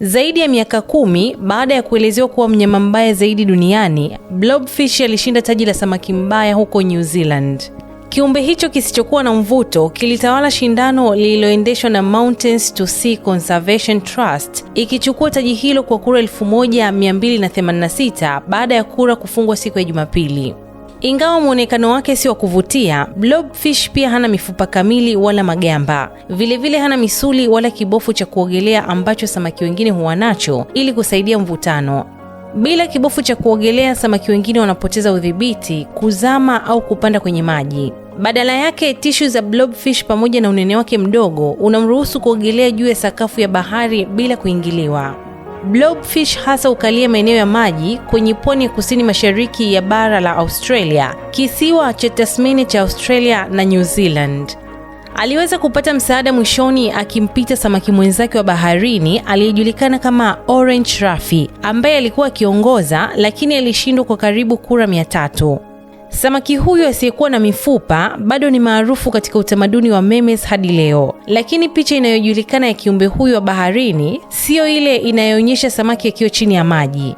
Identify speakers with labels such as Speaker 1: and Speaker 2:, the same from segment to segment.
Speaker 1: Zaidi ya miaka kumi baada ya kuelezewa kuwa mnyama mbaya zaidi duniani, blobfish alishinda taji la samaki mbaya huko New Zealand. Kiumbe hicho kisichokuwa na mvuto kilitawala shindano lililoendeshwa na Mountains to Sea Conservation Trust, ikichukua taji hilo kwa kura 1286 baada ya kura kufungwa siku ya Jumapili. Ingawa mwonekano wake si wa kuvutia, blobfish pia hana mifupa kamili wala magamba. Vilevile vile hana misuli wala kibofu cha kuogelea ambacho samaki wengine huwa nacho ili kusaidia mvutano. Bila kibofu cha kuogelea, samaki wengine wanapoteza udhibiti, kuzama au kupanda kwenye maji. Badala yake tishu za blobfish pamoja na unene wake mdogo unamruhusu kuogelea juu ya sakafu ya bahari bila kuingiliwa. Blobfish hasa hukalia maeneo ya maji kwenye pwani ya kusini mashariki ya bara la Australia, kisiwa cha Tasmania cha Australia na New Zealand. Aliweza kupata msaada mwishoni akimpita samaki mwenzake wa baharini aliyejulikana kama Orange Raffi ambaye alikuwa akiongoza, lakini alishindwa kwa karibu kura mia tatu. Samaki huyu asiyekuwa na mifupa bado ni maarufu katika utamaduni wa memes hadi leo, lakini picha inayojulikana ya kiumbe huyu wa baharini siyo ile inayoonyesha samaki akiwa chini ya maji.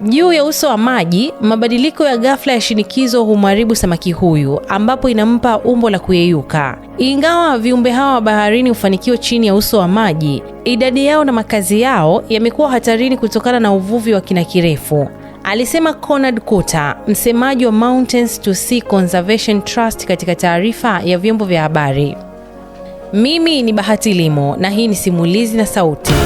Speaker 1: Juu ya uso wa maji, mabadiliko ya ghafla ya shinikizo humharibu samaki huyu, ambapo inampa umbo la kuyeyuka. Ingawa viumbe hawa wa baharini hufanikiwa chini ya uso wa maji, idadi yao na makazi yao yamekuwa hatarini kutokana na uvuvi wa kina kirefu alisema Conrad Kuta, msemaji wa Mountains to Sea Conservation Trust katika taarifa ya vyombo vya habari. Mimi ni Bahati Limo na hii ni Simulizi na Sauti.